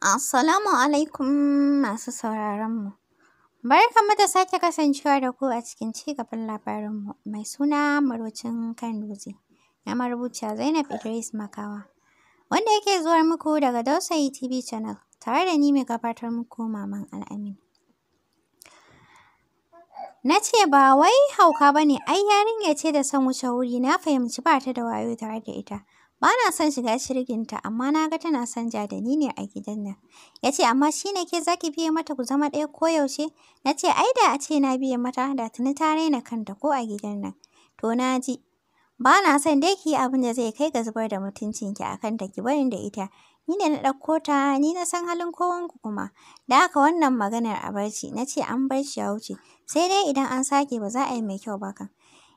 Assalamu alaikum masu sauraronmu. Barka, mata sake kasancewa da ku a cikin cigaban labarinmu mai suna Marocin kan dutse na marubuciya Zainab Idris Makawa wanda yake zuwa muku daga Dausayi TV channel tare da ni mai gabatar muku Maman Al'amin. Na ce ba wai hauka bane. ai yarinya ce da son wuce wuri na fahimci ba ta da wayo tare da ita. Ba na son shiga shirgin ta, amma na ga tana son ja da ni ne a gidan nan. Ya ce, amma shi ne ke za ki biye mata ku zama ɗaya koyaushe? Na ce, ai da a ce na biye mata, da tuni ta raina kanta ko a gidan nan. To na ji. Ba na son dai ki yi abin da zai kai ga zubar da mutuncin ki a kanta ki barin da ita. Ni ne na ɗauko ta, ni na san halin kowanku kuma. Da haka wannan maganar a barci, na ce an shi ya wuce. Sai dai idan an sake ba za a yi mai kyau ba kan.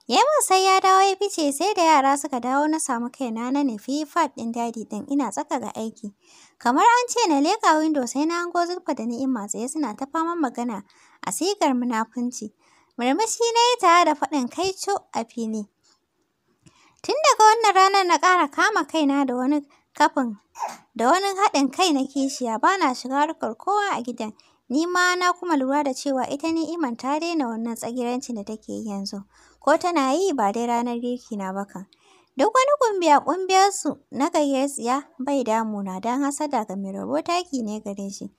Yamin sai ya dawo ya fice sai da yara suka dawo na samu kaina na nufi fab ɗin dadi ɗin ina tsaka ga aiki. Kamar an ce na leƙa windo sai na hango zurfa da ni'ima tsaye suna ta faman magana a sigar munafunci. Murmushi na yi tare da faɗin kai co a fili. Tun daga wannan ranar na ƙara kama kaina da wani kafin da wani haɗin kai na kishiya ba na shiga harkar kowa a gidan. Ni ma na kuma lura da cewa ita ni'iman ta daina wannan tsagiranci da take yi yanzu. ko tana yi ba dai ranar girki na ba Duk wani kumbiya kumbiyarsu na gayyar tsiya bai damuna don hasada ga mai rabo taki ne gare shi.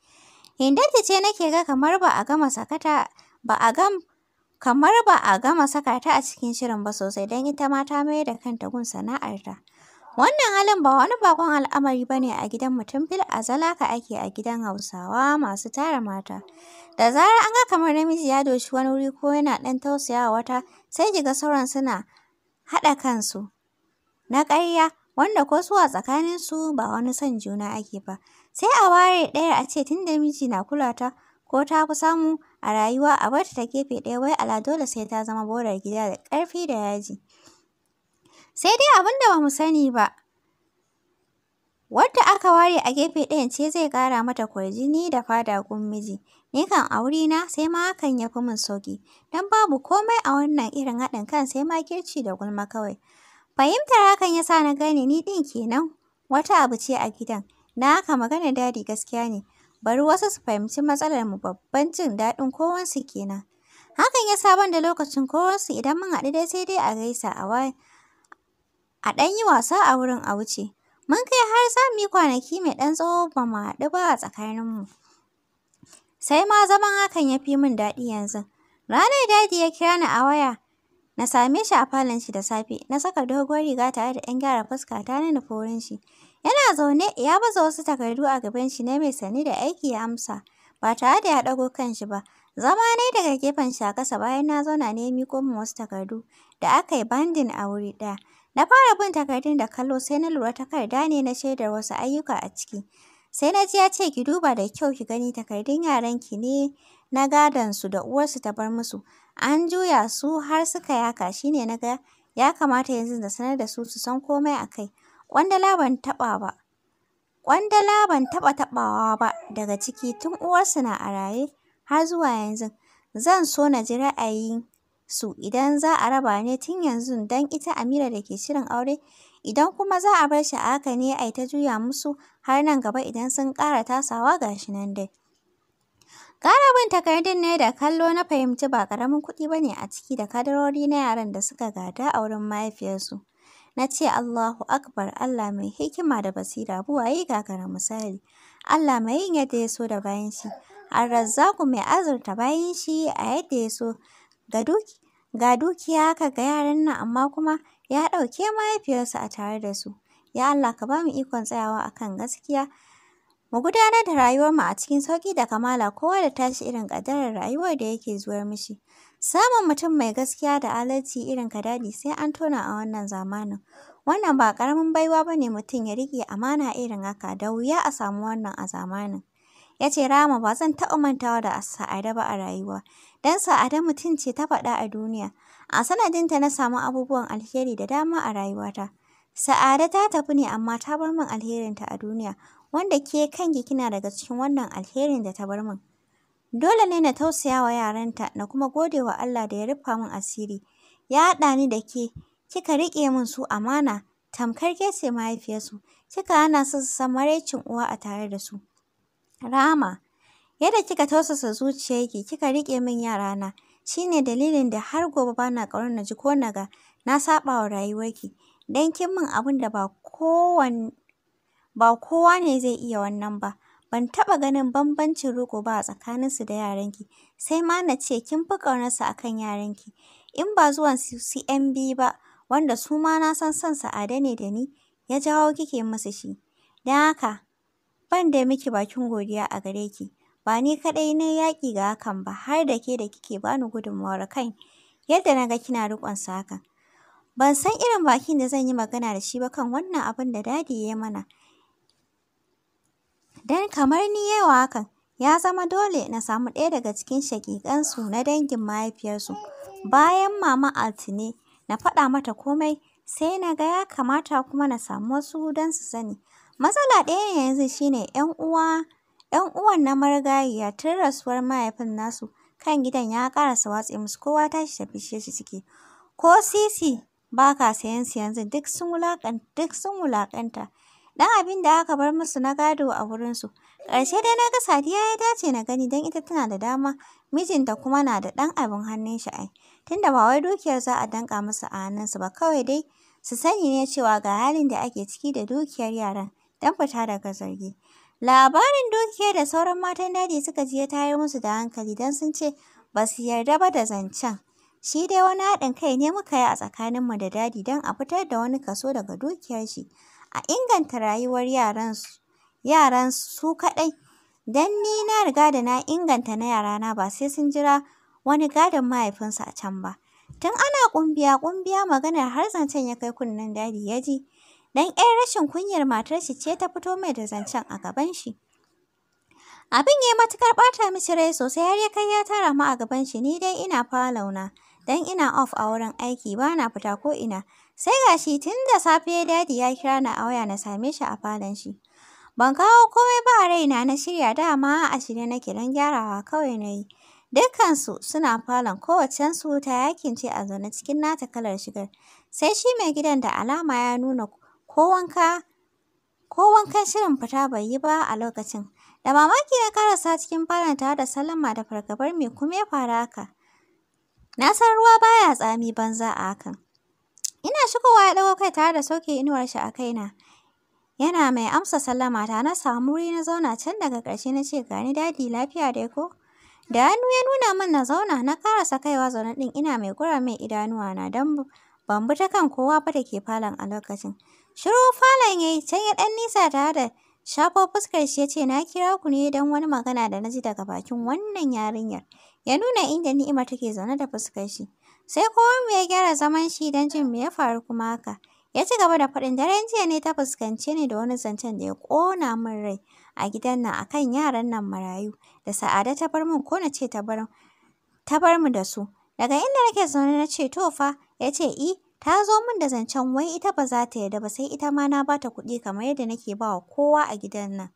ta ce nake ga kamar ba a gama sakata ba a gam kamar ba a gama saka ta a cikin shirin ba sosai don ita ma ta mayar da kanta gun sana'arta. Wannan halin ba wani bakon al'amari ba ne a gidan mutum fil azala ake a gidan Hausawa masu tara mata. Da zarar an ga kamar namiji ya doshi wani wuri ko yana ɗan tausayawa wata, sai kiga sauran suna haɗa kansu na karya wanda ko su a su ba wani son juna ake ba. Sai a ware ɗaya a ce tun da miji na kula ta ko ta fi samu a rayuwa a bar ta gefe ɗaya wai ala dole sai ta zama bodar gida da ƙarfi da yaji. sai dai abin da ba mu sani ba. Wadda aka ware a gefe ɗayan ce zai ƙara mata kwarjini da fada gun miji. Ni kan a wurina sai ma hakan ya fi min sauƙi, don babu komai a wannan irin haɗin kan sai ma kirci da gulma kawai. Fahimtar hakan ya sa na gane ni ɗin kenan wata abu ce a gidan, na haka magana dadi gaskiya ne. Bari wasu su fahimci matsalar mu babban jin daɗin kowansu kenan. Hakan ya sa ban da lokacin kowansu idan mun haɗu dai sai dai a gaisa a waya. a ɗan yi wasa a wurin a wuce. Mun kai har za mu yi kwanaki mai ɗan tsawo ba mu haɗu ba a tsakaninmu. Sai ma zaman hakan ya fi min daɗi yanzu. Ranar dadi ya kira ni a waya. Na same shi a falon shi da safe. Na saka doguwar riga tare da ɗan gyara fuska ta na nufi wurin shi. Yana zaune ya baza wasu takardu a gaban shi na mai sani da aiki ya amsa. Ba tare da ya ɗago kan shi ba. Zama ne daga gefen shi a ƙasa bayan na zauna ne ya miƙo min wasu takardu da aka yi bandin a wuri ɗaya. Na fara bin takardun da kallo sai na lura takarda ne na shaidar wasu ayyuka a ciki. Sai na ji ya ce ki duba da kyau ki gani takardun yaran ki ne na gadon su da uwarsu ta bar musu. An juya su har suka yaka ne na ga ya kamata yanzu da sanar da su su san komai a kai. Ƙwandala ban taɓa ba. Kwandala ban taɓa taɓawa ba daga ciki tun uwarsu na a raye har zuwa yanzu. Zan so na ji ra'ayin su idan za a raba ne tun yanzu don ita Amira da ke shirin aure, idan kuma za a bar shi a haka ne ai ta juya musu har nan gaba idan sun ƙara tasawa ga shi nan dai. Ƙarabin takardun ne da kallo na fahimci ba ƙaramin kuɗi ba ne a ciki da kadarori na yaran da suka gada a wurin mahaifiyarsu. Na ce Allahu Akbar Allah mai hikima da basira buwaye gara misali. Allah mai yin yadda ya so da bayan shi. Arrazzaku mai azurta bayan shi a yadda ya so. Ga duki Ga dukiya haka ga yaran nan amma kuma ya ɗauke mahaifiyarsu a tare da su. Ya Allah ka bamu ikon tsayawa a kan gaskiya. Mu gudanar da rayuwarmu a cikin sauƙi da kamala kowa da tashi irin ƙaddarar rayuwar da yake zuwar mishi. Samun mutum mai gaskiya da adalci irin ka dadi sai an tona a wannan zamanin. Wannan ba ƙaramin baiwa bane mutum ya riƙe amana irin haka da wuya a samu wannan a zamanin. Ya ce Rama ba zan taɓa mantawa da Sa'ada ba a rayuwa. Dan Sa'ada mutum ce ta faɗa a duniya. A sanadinta na samu abubuwan alheri da dama a rayuwata. Sa'ada ta tafi ne amma ta bar min alherinta a duniya wanda ke kanki kina daga cikin wannan alherin da ta bar min. Dole ne na tausaya wa yaranta na kuma gode wa Allah da ya rufa min asiri. Ya haɗa ni da ke, kika riƙe min su amana, tamkar kese mahaifiyarsu, kika hana su su san maraicin uwa a tare da su. Rama, yadda kika tausasa zuciyarki kika riƙe min yarana shi ne dalilin da har gobe ba na ƙaunar na ji ko na ga na saɓa wa rayuwarki don kin min abin da ba kowa ne zai iya wannan ba. Ban taɓa ganin bambancin riƙo ba a tsakaninsu da yaranki, sai ma na ce kin fi ƙaunarsu a kan yaranki. In ba zuwan su CMB ba, wanda su ma na san son sa'ada ne da ni, ya jawo kike musu shi. Don haka, ban da miki bakin godiya a gare ki. Ba ni kaɗai na yaƙi ga hakan ba, har da ke da kike bani gudunmawar kai, yadda na ga kina riƙon sa hakan. Ban san irin bakin da zan yi magana da shi ba kan wannan abin da dadi ya mana. Dan kamar ni yawa hakan, ya zama dole na samu ɗaya daga cikin shaƙiƙansu na dangin mahaifiyarsu. Bayan mama Altine, na faɗa mata komai, sai na ga ya kamata kuma na samu wasu don su sani. Matsala ɗaya ne yanzu shi ne ‘yan uwa ‘yan uwan na marigayiya tun rasuwar mahaifin nasu kan gidan ya ƙarasa watse musu kowa ta tashi tafi shi ciki. Ko sisi ba ka sayan su yanzu duk sun wulaƙanta. ɗan abin da aka bar musu na gado a wurinsu. Ƙarshe dai na ga Sadiya ya dace na gani don ita tana da dama, mijinta kuma na da ɗan abin hannun shi ai. Tunda ba wai dukiyar za a danƙa musu a hannunsu ba kawai dai su sani ne cewa ga halin da ake ciki da dukiyar yaran. don fita daga zargi. Labarin dukiya da sauran matan daji suka ji ya tayar musu da hankali don sun ce ba su yarda ba da zancen. Shi dai wani haɗin kai ne muka yi a tsakaninmu da dadi don a fitar da wani kaso daga dukiyar shi, a inganta rayuwar yaran su kaɗai. Don ni na riga da na inganta na yarana ba sai sun jira wani gadon mahaifinsu a can ba. Tun ana ƙungiya ƙumbiya maganar har zancen ya kai kunnen dadi ya ji don 'yar rashin kunyar matar shi ce ta fito mai da zancen a gaban shi. Abin ya matuƙar ɓata mishi rai sosai har ya kai ya tara mu a gaban shi ni dai ina na don ina off a wurin aiki ba na fita ko ina. Sai gashi tun da safe ya dadi ya kira ni a waya na same shi a falon shi. Ban kawo komai ba a raina na shirya dama a shirye nake don gyarawa kawai na yi. Dukkansu suna falon kowacensu ta yakin ce a zaune cikin nata kalar shigar. Sai shi mai gidan da alama ya nuna ko wanka ko wankan shirin fita bai yi ba a lokacin. Da mamaki na karasa cikin falon tare da salama da fargabar mai kuma ya faru haka. Na san ruwa baya tsami banza a hakan. Ina shigowa ya ɗago kai tare da soke inuwar shi a kaina. Yana mai amsa sallama ta na samu wuri na zauna can daga ƙarshe na ce gani dadi lafiya dai ko? Da hannu ya nuna min na zauna na karasa kaiwa zaune ɗin ina mai gura mai idanuwa na don ban bi ta kan kowa ba da ke falon a lokacin. Shiru falon ya yi can ya ɗan nisa tare da shafo fuskar shi ya ce na kira ku ne don wani magana da na ji daga bakin wannan yarinyar. Ya nuna inda ni'imar take zaune da fuskar shi. Sai mu ya gyara zaman shi don jin me ya faru kuma haka. Ya ci gaba da faɗin daren jiya ne ta fuskance ni da wani zancen da ya ƙona min rai a gidan nan akan yaran nan marayu da Sa'ada ta bar min ko na ce ta bar mu da su. Daga inda nake zaune na ce to fa ya ce i eh, Ta zo min da zancen wai ita ba za ta yarda ba sai ita ma na ba ta kuɗi kamar yadda nake ba wa kowa a gidan nan.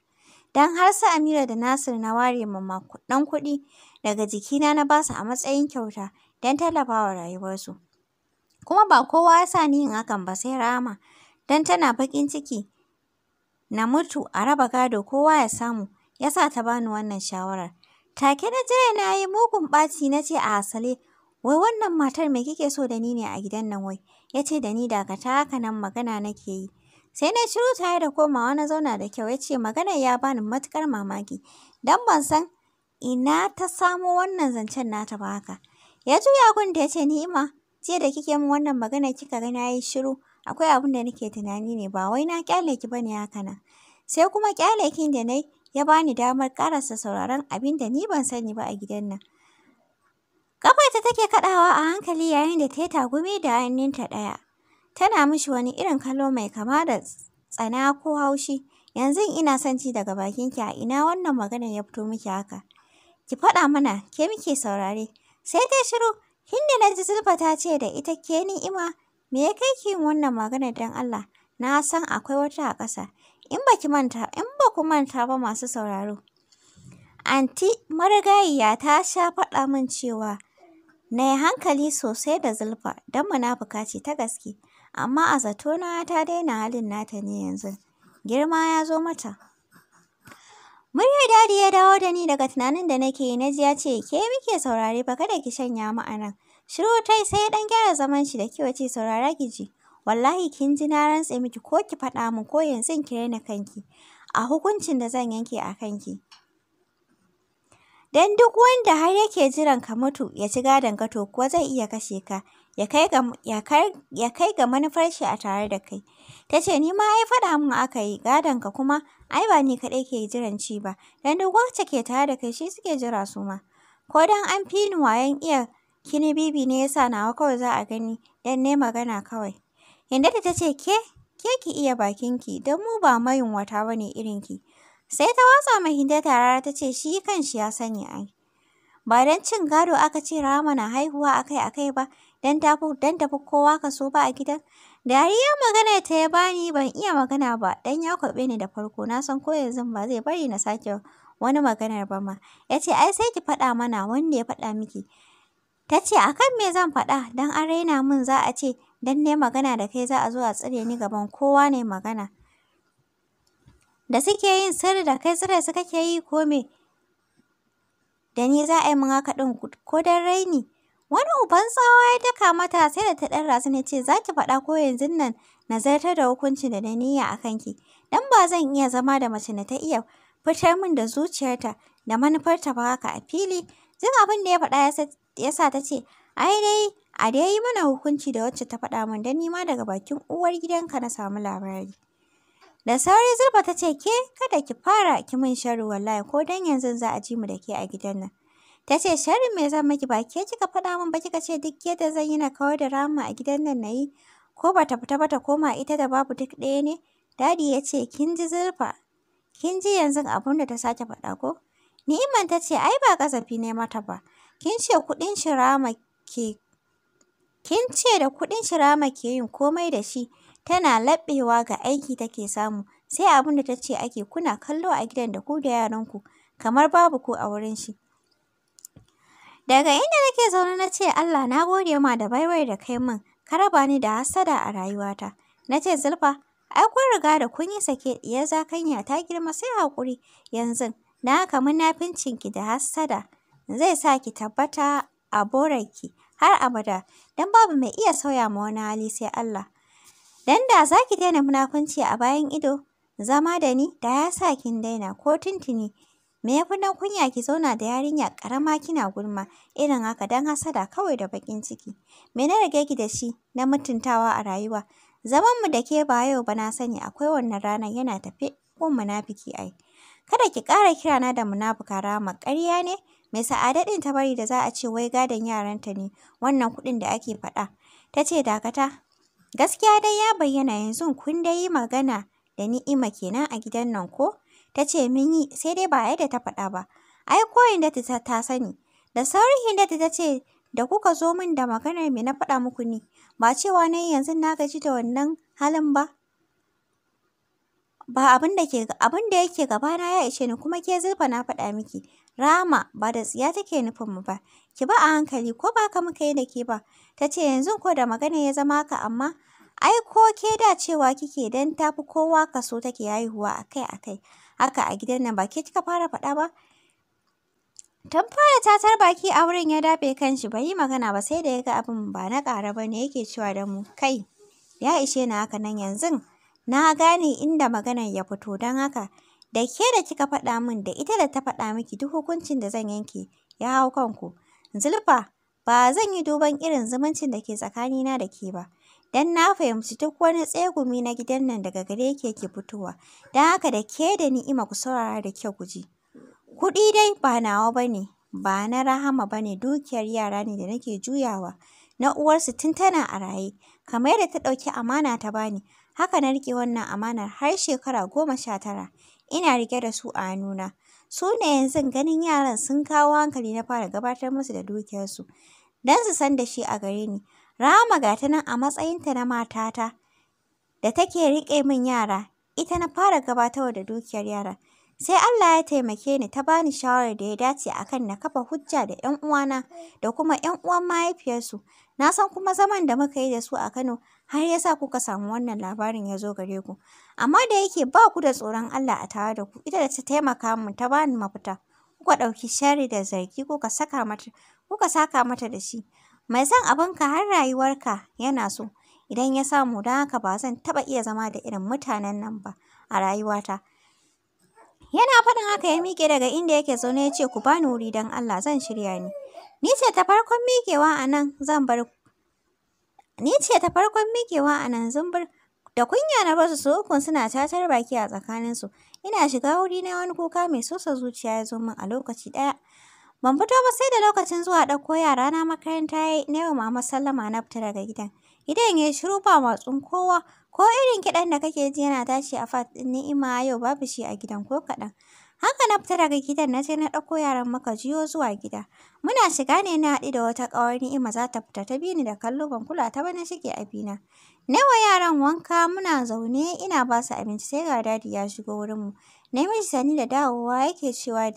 dan har sa Amira da Nasir na ware mamma dan kuɗi daga jikina na ba su a matsayin kyauta don tallafawa rayuwarsu. Kuma ba kowa ya sa ni yin hakan ba sai Rama don tana bakin ciki na mutu a raba gado kowa ya samu ya sa ta bani wannan shawarar. Take na jira na yi mugun ɓaci na ce a asale Wai wannan matar me kike so da ni ne a gidan nan wai? Ya ce da ni dakata haka nan magana nake yi. Sai na shiru tare da komawa na zauna da kyau ya ce maganar ya bani matuƙar mamaki. Dan ban san ina ta samo wannan zancen nata ba haka. Ya juya gun da ya ce ni'ima jiya da kike min wannan magana kika ga na yi shiru akwai abin da nake tunani ne ba wai na kyale ki bane haka nan. Sai kuma kyale kin da nayi ya bani damar karasa sauraron abin da ni ban sani ba a gidan nan. ta take kaɗawa a hankali yayin da ta yi tagumi da hannunta ɗaya. Tana mishi wani irin kallo mai kama da tsana ko haushi. Yanzu ina son ci daga bakinki a ina wannan maganar ya fito miki haka. Ki faɗa mana, ke muke saurare. Sai ta shiru, hinda na ji Zulfa ta ce da ita ke ni'ima. Me ya kai ki wannan maganar "Dan Allah? Na san akwai wata a ƙasa. In ba ki manta, in ba ku manta ba masu sauraro. Anti marigayiya ta sha faɗa min cewa Na yi hankali sosai da Zulfa don munafuka ce ta gaske, amma a zatona ta daina halin nata ne yanzu, girma ya zo mata. murya dadi ya dawo da ni daga tunanin da nake yi na ji ya ce, ke muke saurare fa kada ki shanya mu a nan. Shiru tai sai ya ɗan gyara zaman shi da kyau ce saurara ki ji. Wallahi kin ji na rantse miki ko ki faɗa min ko yanzu in kire ni kanki. A hukuncin da zan yanke a kanki. Don duk wanda har yake jiran ka mutu ya ci gadon gato kuwa zai iya kashe ka ya kai ga manufar shi a tare da kai. Ta ce ni ma ai faɗa min aka yi gadon ka kuma ai ba ni kaɗai ke jiran ci ba don duk wacce ke tare da kai shi suke jira su ma. Ko don an fi ni wayan iya kini bibi ne yasa nawa kawai za a gani don ne magana kawai. Hindata ta ce ke ke ki iya bakinki don mu ba mayun ba ne irinki. Sai ta watsa ma Hinda ta ce shi kan shi ya sani ai. Ba don cin gado aka ce rama na haihuwa akai-akai ba, don tafi kowa kaso ba a gidan. Dariya magana ta ya bani ban iya magana ba, dan ya kwaɓe ni da farko, na san ko yanzu ba zai bari na sake wani maganar ba ma. Ya ce, ai sai ki faɗa mana wanda ya faɗa miki. Ta ce, a kan me zan faɗa, dan an raina mun, za a ce, don ne magana da kai za a zo a tsire ni gaban kowa ne magana. da suke yin sirri da kai tsire su kake yi ko me? Da ni za a yi min haka ko dan raini. Wani uban tsawa ya daka mata sai da ta ɗan rasu ne ce za ki faɗa ko yanzu nan na zartar da hukuncin da na niyya a kanki. Dan ba zan iya zama da mace na ta iya fitar min da zuciyarta da manufarta ba haka a fili. Jin abin da ya faɗa ya sa ta ce, ai dai a dai yi mana hukunci da wacce ta faɗa min don ni ma daga bakin uwar gidanka na samu labari. Da sauri zurfa ta ce, ke kada ki fara ki min sharri wallahi ko dan yanzu za a ji mu da ke a gidan nan. Ta ce, sharri me zan miki ba ke kika faɗa min ba kika ce duk yadda zan yi na kawar da rama a gidan nan nayi Ko ba ta fita ba ta koma ita da babu duk ɗaya ne. Dadi ya ce, kin ji zurfa? kin ji yanzu abun da ta sake faɗa ko? Ni'iman ta ce, ai ba kasafi ne mata ba. Kin ce kuɗin shirama ke Kin ce da kuɗin shirama ke yin komai da shi. tana laɓewa ga aiki take samu, sai abin da ta ce ake kuna kallo a gidan da ku da yaranku, kamar babu ku a wurin shi. Daga inda nake zaune na ce Allah na gode ma da baiwai da kai min, ka raba ni da hassada a rayuwata. Na ce Zulfa, ai kun riga da kun yi sake diyar zakanya ta girma sai haƙuri yanzu, na ka haka ki da hassada zai sa ki tabbata a borarki har abada, dan babu mai iya sauya ma wani hali sai Allah. Dan da za ki daina munafunci a bayan ido, zama da ni da ya sa kin daina ko tuntuni. Me ya fi nan kunya ki zauna da yarinya ƙarama kina gulma irin haka dan hasada kawai da baƙin ciki. Me na rage ki da shi na mutuntawa a rayuwa? Zaman mu da ke ba yau ba na sani akwai wannan ranar yana tafe ko munafiki ai. Kada ki ƙara kirana da munafuka rama ƙarya ne mai sa'ada ɗin ta bari da za a ce wai gadon yaranta ne wannan kuɗin da ake faɗa. Ta ce dakata Gaskiya dai ya bayyana yanzu kun dai yi magana da Ni'ima kenan a gidan nan ko? Ta ce min yi sai dai ba yadda ta faɗa ba. Ai ko inda ta, ta sani. Da sauri inda ta ce da kuka zo min da maganar me na faɗa muku ne ba cewa na yanzu na gaji da wannan halin ba. Ba abin da ke abin da yake gabana ya ishe ni kuma ke zurfa na faɗa miki. Rama ba da tsiya take nufin mu ba. Ki ba a hankali ko ba ka muka yi da ke ba. Ta ce yanzu ko da magana ya zama haka amma ai ko ke da cewa kike dan tafi kowa kaso take haihuwa akai akai. Haka a gidan nan ba ke kika fara faɗa ba. Tun fara tatar baki a wurin ya dafe kanshi bai yi magana ba sai da ya ga abin ba na ƙara ba ne yake cewa da mu kai ya ishe ni haka nan yanzu na gane inda maganar ya fito don haka da ke da kika faɗa min da ita da ta faɗa miki duk hukuncin da zan yanke ya hau kanku. Zulfa, ba zan yi duban irin zumuncin da ke tsakanina da ke ba. Dan na fahimci duk wani tsegumi na gidan nan daga gare ke ke fitowa. Don haka da ke da ni'ima ku saurara da kyau ku ji. Kuɗi dai ba nawa ba ne, ba na rahama ba ne dukiyar yara ne da nake juyawa. Na uwarsu tun tana a raye, kamar yadda ta ɗauki amana ta bani, haka na riƙe wannan amanar har shekara goma sha tara. ina rike da su a hannuna. Su ne yanzu ganin yaran sun kawo hankali na fara gabatar musu da dukiyarsu don su san da shi a gare ni. Rahama ga ta nan a matsayinta na matata da take riƙe min yara, ita na fara gabatarwa da dukiyar yara. Sai Allah ya taimake ni ta bani shawarar da ya dace akan na kafa hujja da 'yan uwana da kuma 'yan uwan mahaifiyarsu. Na san kuma zaman da muka yi da su a Kano har ya sa kuka samu wannan labarin ya zo gare ku. Amma da yake ba ku da tsoron Allah a tare da ku, ita da ta taimaka mu ta bani mafita. Kuka ɗauki shari da zargi kuka saka mata, kuka saka mata da shi. Mai son ka har rayuwar ka? yana so, idan ya samu Dan haka ba zan taɓa iya zama da irin mutanen nan ba a rayuwata. Yana faɗin haka ya miƙe daga inda yake zaune ya ce ku bani wuri don Allah zan shirya ni. Ni ce ta farkon miƙewa a nan zan bar ku. Ni ce ta farkon miƙewa a nan zumbur. Da kunya na basu su ukun suna tatar baki a tsakanin su Ina shiga wuri na wani kuka mai sosa zuciya ya zo min a lokaci ɗaya. Ban fito ba sai da lokacin zuwa ɗauko yara na makaranta ya yi na yau mama sallama na fita daga gidan. Gidan ya shiru ba matsun kowa. Ko irin kiɗan da kake ji yana tashi a fat ɗin ni'ima yau babu shi a gidan ko kaɗan. Haka na fita daga gidan na je na ɗauko yaran muka jiyo zuwa gida. Muna shiga ne na haɗu da wata ƙawar ni'ima za ta fita ta bi ni da kallo ban kula ta ba na shige abina. Na Nawa yaran wanka muna zaune ina ba su abinci sai ga dadi ya shigo wurinmu. Na yi mishi sani da dawowa yake cewa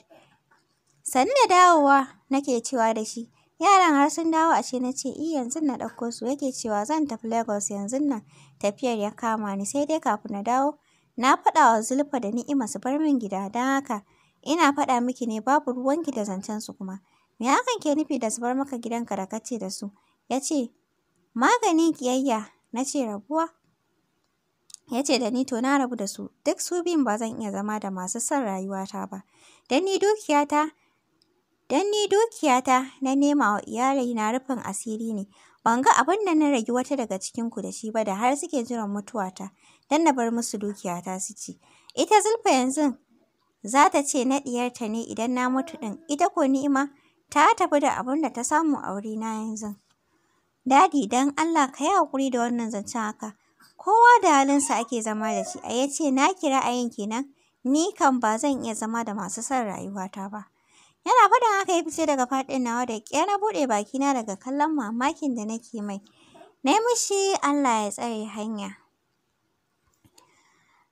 sani da dawowa nake cewa da shi. Yaran har sun dawo a ce na ce i yanzu na ɗauko su yake cewa zan tafi Lagos yanzu nan tafiyar ya kama ni sai dai kafin na dawo Na faɗa wa Zulfa da Ni'ima su bar min gida don haka ina faɗa miki ne babu ruwan da zancen su kuma. Me hakan ke nufi da su bar maka gidanka da kace da su? Ya ce, maganin ƙiyayya na ce rabuwa. Ya ce da ni to na rabu da su, duk su biyun ba zan iya zama da masu son rayuwata ba. Don ni dukiyata Don ni dukiyata na nema wa iyalai na rufin asiri ne, ban ga abin da na rage wata daga cikinku da shi ba da har suke jiran mutuwata. dan na bar musu dukiyata su ci. Ita Zulfa yanzu za ta ce na ɗiyarta ne idan na mutu ɗin, ita ko ni'ima ta tafi da abin da ta samu a na yanzu. Dadi don Allah ka yi haƙuri da wannan zancen haka. Kowa da halinsa ake zama da shi, a ya ce na kira a kenan, ni kan ba zan iya zama da masu son rayuwata ba. Yana faɗin haka ya fice daga faɗin nawa da ƙyar na buɗe bakina daga kallon mamakin da nake mai. Na yi mishi Allah ya tsare hanya.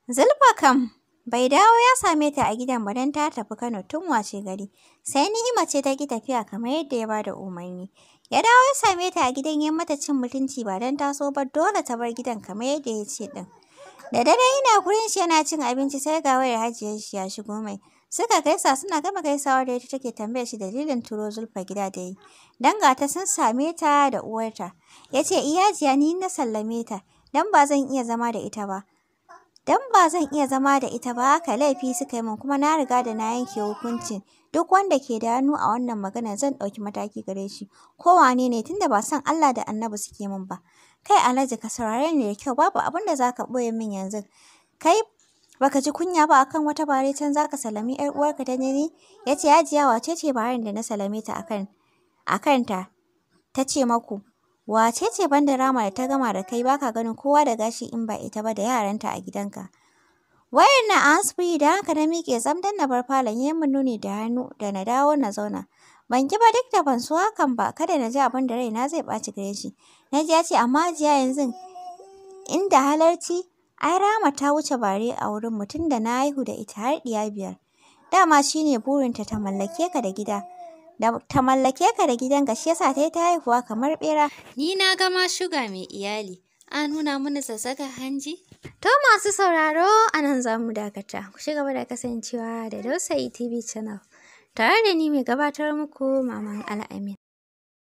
Zulfa kam bai dawo ya same ta a gidan ba don ta tafi Kano tun wace gari. Sai Ni'ima ce ta ki tafiya kamar yadda ya bada umarni. Ya dawo ya same ta a gidan ya mata cin mutunci ba don ta so ba dole ta bar gidan kamar yadda ya ce din. Da dare ina gurin shi yana cin abinci sai ga wayar hajiyar shi ya shigo mai. Suka gaisa suna gama gaisawa da ita take tambaya shi dalilin turo Zulfa gida da yi. Dan ga sun same ta da uwarta. Ya ce iyajiya ni na sallame ta dan ba zan iya zama da ita ba. don ba zan iya zama da ita ba haka laifi suka yi min kuma na riga da na yanke hukuncin duk wanda ke da hannu a wannan magana zan ɗauki mataki gare shi ko wane ne tunda ba san Allah da Annabi suke min ba kai Alhaji ka saurare ni da kyau babu abin da zaka ɓoye min yanzu kai baka ji kunya ba akan wata bare can zaka salami 'yar uwarka ta Ya yace hajiya wace ce baren da na salame ta akan akan ta tace maku Wace ce da rama da ta gama da kai baka ganin kowa da gashi in ba ita ba da yaranta a gidanka? Wayan na asfi da haka na miƙe tsam dan na bar falon ya mun nuni da hannu da na dawo na zauna. Ban ki ba duk da ban so hakan ba kada na ji abin da raina zai ɓaci gare shi. Na ji ya ce amma jiya yanzu inda halarci ai rama ta wuce bare a wurin mutum da na haihu da ita har ɗiya biyar. Dama shine burinta ta mallake ka da gida. da ta mallake ka da gidanka shi yasa ta yi ta haihuwa kamar ɓera. Ni na gama shuga mai iyali. An nuna mana sassaƙar hanji? To masu sauraro a nan za mu dakata. Ku ci gaba da kasancewa da Dausayi TV channel. Tare da ni mai gabatar muku Maman Al-Amin.